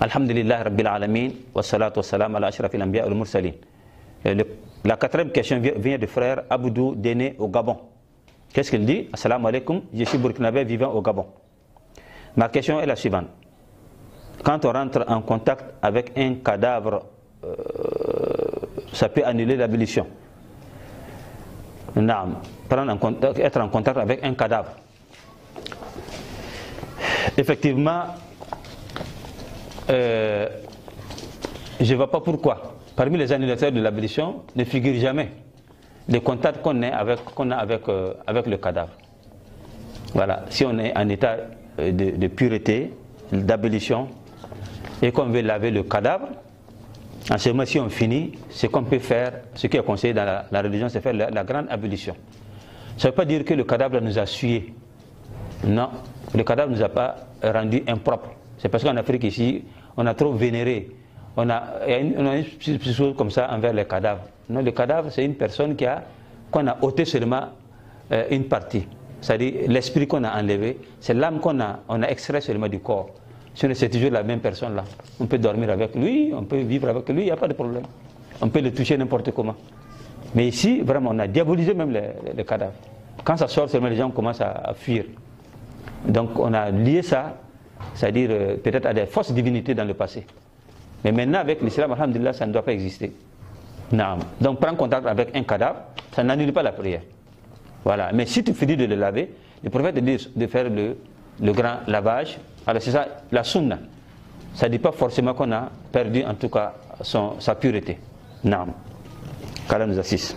Alhamdulillah Rabbil Alamin, wa salatu wa salam ala ashrafil anbiya al mursalin. Euh, la quatrième question vient du frère Aboudou Dene au Gabon. Qu'est-ce qu'il dit Assalamu alaikum, je suis burkinabé vivant au Gabon. Ma question est la suivante. Quand on rentre en contact avec un cadavre, euh, ça peut annuler l'abolition. Prendre en contact, être en contact avec un cadavre. Effectivement, euh, je ne vois pas pourquoi, parmi les anniversaires de l'abolition, ne figure jamais les contacts qu'on a euh, avec, le cadavre. Voilà, si on est en état euh, de, pureté, d'abolition, et qu'on veut laver le cadavre, en ce moment, si on finit, ce qu'on peut faire, ce qui est conseillé dans la, religion, c'est faire la, grande abolition. Ça ne veut pas dire que le cadavre nous a sué. Non, le cadavre ne nous a pas rendu impropre. C'est parce qu'en Afrique, ici, on a trop vénéré. On a, une chose comme ça envers les cadavres. Non, le cadavre, c'est une personne qui a, qu'on a ôté seulement euh, une partie. C'est-à-dire l'esprit qu'on a enlevé, c'est l'âme qu'on a, on a extrait seulement du corps. C'est toujours la même personne là, on peut dormir avec lui, on peut vivre avec lui, il n'y a pas de problème. On peut le toucher n'importe comment. Mais ici, vraiment, on a diabolisé même les, cadavre. cadavres. Quand ça sort, seulement les gens commencent à fuir. Donc on a lié ça c'est-à-dire euh, peut-être à des fausses divinités dans le passé. Mais maintenant, avec l'islam, alhamdulillah, ça ne doit pas exister. Donc, prendre contact avec un cadavre, ça n'annule pas la prière. Voilà. Mais si tu finis de le laver, le prophète dit de faire le, grand lavage. Alors, c'est ça, la sunna. Ça ne dit pas forcément qu'on a perdu, en tout cas, sa pureté. Non. Qu'Allah nous assiste.